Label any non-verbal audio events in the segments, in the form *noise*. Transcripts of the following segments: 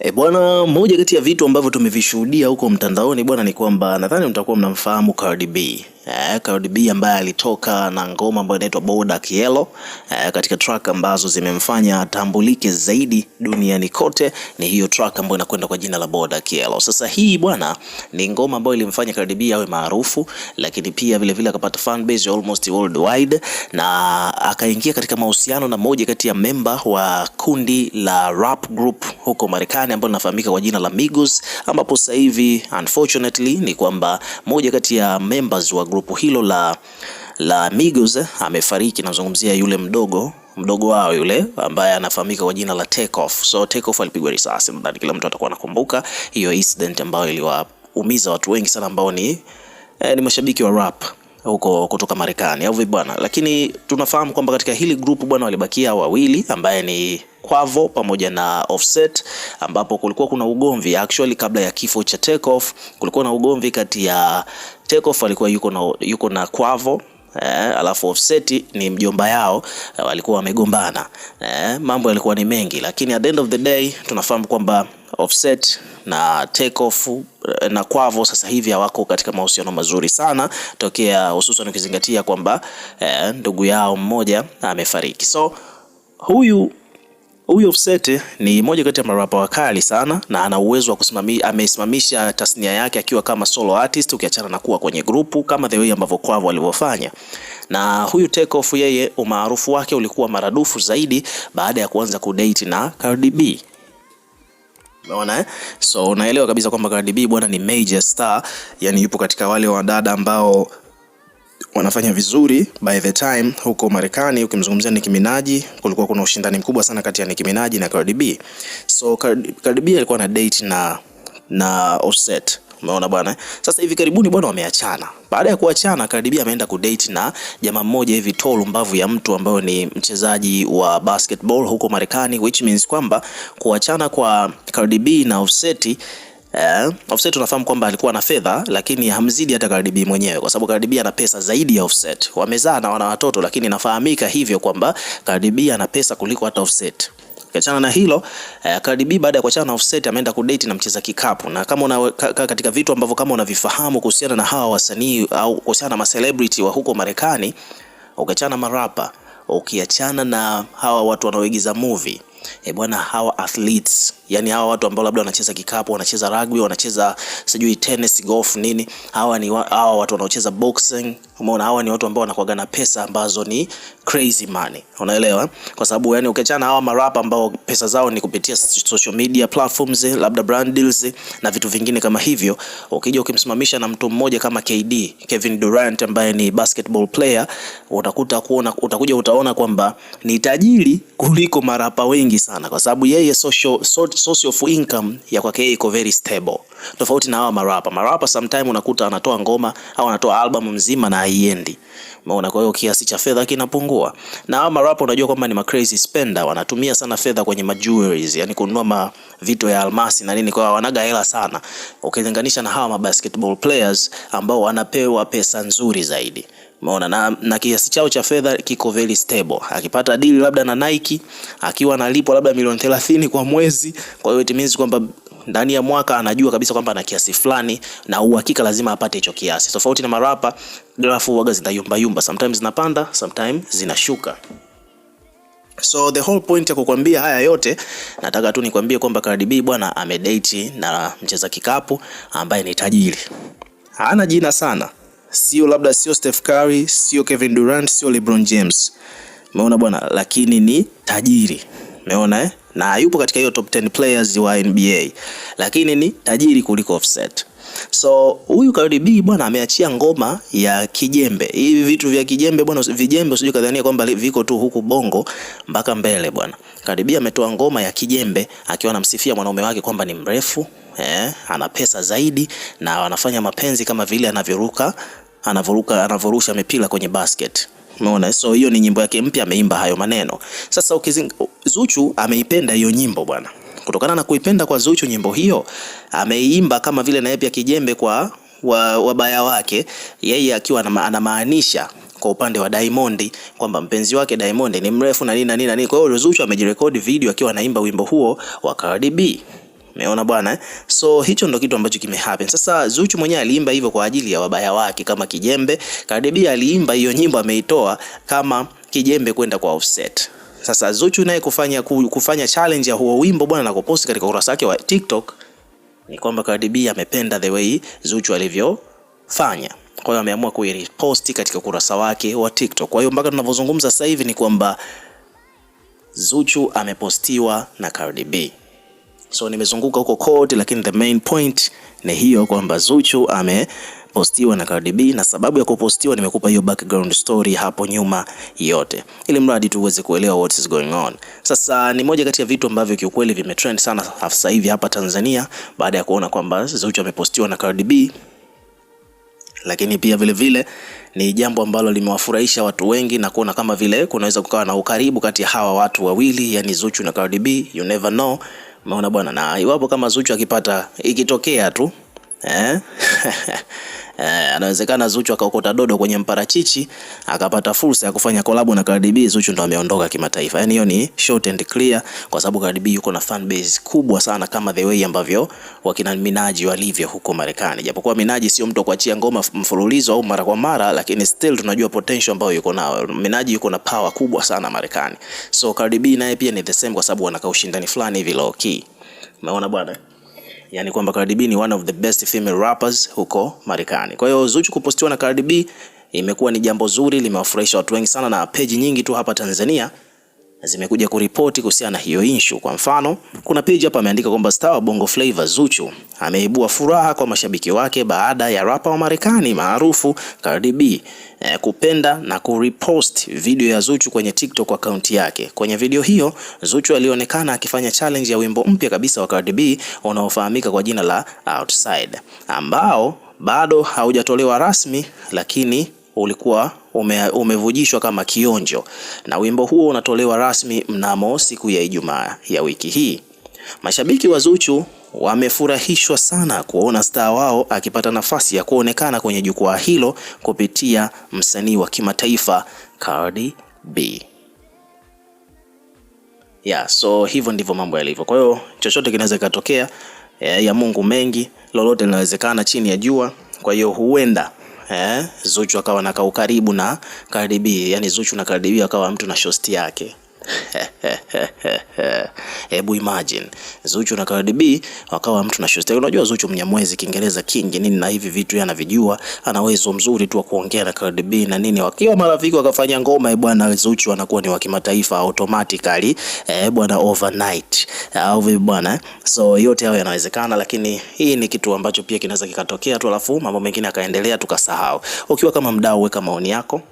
E, bwana, moja kati ya vitu ambavyo tumevishuhudia huko mtandaoni bwana ni kwamba nadhani mtakuwa mnamfahamu Cardi B eh, Cardi B ambaye alitoka na ngoma ambayo inaitwa Bodak Yellow eh, katika track ambazo zimemfanya atambulike zaidi duniani kote ni hiyo track ambayo inakwenda kwa jina la Bodak Yellow. Sasa hii bwana ni ngoma ambayo ilimfanya Cardi B awe maarufu, lakini pia vile vile akapata fan base almost worldwide na akaingia katika mahusiano na moja kati ya memba wa kundi la rap group huko Marekani ambao linafahamika kwa jina la Migos, ambapo sasa hivi unfortunately ni kwamba moja kati ya members wa group grupu hilo la, la Migos eh, amefariki. Nazungumzia yule mdogo mdogo wao yule ambaye anafahamika kwa jina la Takeoff. So Takeoff alipigwa risasi, nadhani kila mtu atakuwa anakumbuka hiyo incident ambayo iliwaumiza watu wengi sana ambao ni, eh, ni mashabiki wa rap huko kutoka Marekani au vipi bwana, lakini tunafahamu kwamba katika hili grupu bwana walibakia wawili ambaye ni Quavo pamoja na Offset ambapo kulikuwa kuna ugomvi actually, kabla ya kifo cha Takeoff kulikuwa na ugomvi kati ya Takeoff alikuwa yuko na, yuko na Quavo eh, alafu Offset ni mjomba yao eh, walikuwa wamegombana eh, mambo yalikuwa ni mengi, lakini at the end of the day tunafahamu kwamba Offset na Takeoff eh, na Quavo sasa hivi hawako katika mahusiano mazuri sana tokea, hususan ukizingatia kwamba eh, ndugu yao mmoja amefariki, so huyu Huyu Offset ni moja kati ya marapa wakali sana na ana uwezo wa kusimamia, amesimamisha tasnia yake akiwa kama solo artist, ukiachana na kuwa kwenye grupu kama the way ambavyo Quavo walivyofanya. Na huyu Takeoff yeye umaarufu wake ulikuwa maradufu zaidi baada ya kuanza kudate na Cardi B. Umeona eh? So unaelewa kabisa kwamba Cardi B bwana ni major star, yani yupo katika wale wadada ambao wanafanya vizuri by the time huko Marekani. Ukimzungumzia Nicki Minaj, kulikuwa kuna ushindani mkubwa sana kati ya Nicki Minaj na Cardi B. So Cardi Cardi B alikuwa na date na na Offset. Umeona bwana. Eh? Sasa hivi karibuni bwana wameachana. Baada ya kuachana, Cardi B ameenda kudate na jamaa mmoja hivi tolu mbavu ya mtu ambayo ni mchezaji wa basketball huko Marekani, which means kwamba kuachana kwa Cardi B na Offset Yeah. Offset tunafahamu kwamba alikuwa na fedha lakini hamzidi hata Cardi B mwenyewe kwa sababu Cardi B ana pesa zaidi ya Offset. Wamezaa na wana watoto lakini inafahamika hivyo kwamba Cardi B ana pesa kuliko hata Offset. Kachana na hilo eh, Cardi B baada ya kuachana na Offset ameenda kudate na mcheza kikapu, na kama una, ka, ka, katika vitu ambavyo kama unavifahamu kuhusiana na hawa wasanii au kuhusiana na macelebrity wa huko Marekani, ukiachana marapa, ukiachana na hawa watu wanaoigiza movie e bwana, hawa athletes yani hawa watu ambao labda wanacheza kikapu, wanacheza rugby, wanacheza sijui tennis, golf nini, hawa ni wa, hawa watu wanaocheza boxing, umeona, hawa ni watu ambao wanakuaga na pesa ambazo ni crazy money, unaelewa? Kwa sababu yani ukiachana hawa marap ambao pesa zao ni kupitia social media platforms, labda brand deals na vitu vingine kama hivyo, ukija ukimsimamisha na mtu mmoja kama KD, Kevin Durant ambaye ni basketball player, utakuta kuona, utakuja utaona kwamba ni tajiri kuliko marapa wengi nyingi sana, kwa sababu yeye social, source of income ya kwake yeye iko very stable, tofauti na hawa marapa. Marapa sometime unakuta anatoa ngoma au anatoa album mzima na haiendi, umeona. Kwa hiyo kiasi cha fedha kinapungua, na hawa marapa unajua kwamba ni ma crazy spender, wanatumia sana fedha kwenye majewelries, yani kununua ma vito ya almasi na nini, kwa hiyo wanaga hela sana ukilinganisha na hawa ma basketball players ambao wanapewa pesa nzuri zaidi. Umeona na, na kiasi chao cha fedha kiko very stable. Akipata deal labda na Nike akiwa analipwa labda milioni 30 kwa mwezi, kwa hiyo it means kwamba ndani ya mwaka anajua kabisa kwamba ana kiasi fulani na uhakika lazima apate hicho kiasi. Tofauti na marapa, grafu huaga zinayumba yumba, sometimes zinapanda, sometimes zinashuka. So the whole point ya kukwambia haya yote nataka tu nikwambie kwamba Cardi B bwana amedate na mcheza kikapu ambaye ni tajiri, hana jina sana sio labda sio Steph Curry, sio Kevin Durant, sio LeBron James. Umeona bwana, lakini ni tajiri. Umeona eh? Na yupo katika hiyo top 10 players wa NBA. Lakini ni tajiri kuliko Offset. So huyu Cardi B bwana ameachia ngoma ya kijembe. Hivi vitu vya kijembe bwana, vijembe usije kadhania kwamba viko tu huku Bongo mpaka mbele bwana. Cardi B ametoa ngoma ya kijembe akiwa anamsifia mwanaume wake kwamba ni mrefu eh, ana pesa zaidi na wanafanya mapenzi kama vile anavyoruka anavoruka anavorusha mipira kwenye basket. Umeona? So hiyo ni nyimbo yake mpya, ameimba hayo maneno. Sasa ukizing... Zuchu ameipenda hiyo nyimbo bwana. Kutokana na kuipenda kwa Zuchu nyimbo hiyo, ameimba kama vile na pia kijembe kwa wabaya wa wake, yeye akiwa anamaanisha kwa upande wa Diamond kwamba mpenzi wake Diamond ni mrefu na nini na nini. Kwa hiyo Zuchu amejirekodi video akiwa anaimba wimbo huo wa Cardi B. Umeona bwana eh? So hicho ndo kitu ambacho kimehappen. Sasa Zuchu mwenyewe aliimba hivyo kwa ajili ya wabaya wake kama kijembe. Cardi B aliimba hiyo nyimbo ameitoa kama kijembe kwenda kwa Offset. Sasa Zuchu naye kufanya kufanya challenge ya huo wimbo bwana na kuposti katika ukurasa wake wa TikTok ni kwamba Cardi B amependa the way Zuchu alivyofanya. Kwa hiyo ameamua kuiposti katika ukurasa wake wa TikTok. Kwa hiyo mpaka tunavyozungumza sasa hivi ni kwamba Zuchu amepostiwa na Cardi B. So nimezunguka huko kote, lakini the main point ni hiyo kwamba Zuchu amepostiwa na Cardi B, na sababu ya kupostiwa nimekupa hiyo background story hapo nyuma yote, ili mradi tu uweze kuelewa what is going on. Sasa ni moja kati ya vitu ambavyo kiukweli vimetrend sana sasa hivi hapa Tanzania baada ya kuona kwamba Zuchu amepostiwa na Cardi B lakini pia vile vile ni jambo ambalo limewafurahisha watu wengi na kuona kama vile kunaweza kukawa na ukaribu kati ya hawa watu wawili, yani Zuchu na Cardi B, you never know. Maona bwana, na iwapo kama Zuchu akipata ikitokea tu Eh? *laughs* eh? anawezekana Zuchu akaokota dodo kwenye mparachichi akapata fursa ya kufanya collab na Cardi B. Zuchu ndo ameondoka kimataifa. Yaani hiyo ni short and clear, kwa sababu Cardi B yuko na fan base kubwa sana kama the way ambavyo wakina Minaji walivyo huko Marekani, japokuwa Minaji sio mtu kuachia ngoma mfululizo au mara kwa mara, lakini still tunajua potential ambayo yuko nayo. Minaji yuko na power kubwa sana Marekani, so Cardi B naye pia ni the same, kwa sababu wanakaa ushindani fulani hivi low key. Umeona bwana yani kwamba Cardi B ni one of the best female rappers huko Marekani. Kwa hiyo Zuchu kupostiwa na Cardi B imekuwa ni jambo zuri, limewafurahisha watu wengi sana na peji nyingi tu hapa Tanzania zimekuja kuripoti kuhusiana na hiyo inshu. Kwa mfano, kuna page hapa ameandika kwamba star wa Bongo Flava Zuchu ameibua furaha kwa mashabiki wake baada ya rapa wa Marekani maarufu Cardi B eh, kupenda na kurepost video ya Zuchu kwenye TikTok akaunti yake. Kwenye video hiyo, Zuchu alionekana akifanya challenge ya wimbo mpya kabisa wa Cardi B unaofahamika kwa jina la Outside ambao bado haujatolewa rasmi lakini ulikuwa ume, umevujishwa kama kionjo na wimbo huo unatolewa rasmi mnamo siku ya Ijumaa ya wiki hii. Mashabiki wa Zuchu wamefurahishwa sana kuona staa wao akipata nafasi ya kuonekana kwenye jukwaa hilo kupitia msanii wa kimataifa Cardi B. Yeah, so hivyo ndivyo mambo yalivyo. Kwa hiyo chochote kinaweza kikatokea, eh, ya Mungu mengi, lolote linawezekana chini ya jua. Kwa hiyo huenda eh, Zuchu akawa na kaukaribu na Cardi B, yani Zuchu na Cardi B akawa mtu na shosti yake. *laughs* Hebu imagine Zuchu na Cardi B wakawa mtu na show. Unajua Zuchu Mnyamwezi, Kiingereza king nini na hivi vitu anavijua, ana uwezo mzuri tu wa kuongea na Cardi B na nini, wakiwa marafiki wakafanya ngoma eh, bwana, Zuchu anakuwa ni wa kimataifa automatically eh bwana, overnight au vipi bwana. Eh? So yote hayo yanawezekana, lakini hii ni kitu ambacho pia kinaweza kikatokea tu, alafu mambo mengine yakaendelea tukasahau. Ukiwa kama mdau, weka maoni yako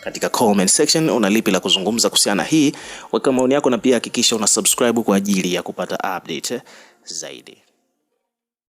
katika comment section. Una lipi la kuzungumza kuhusiana hii? Weka maoni yako na pia hakikisha una subscribe kwa ajili ya kupata update zaidi.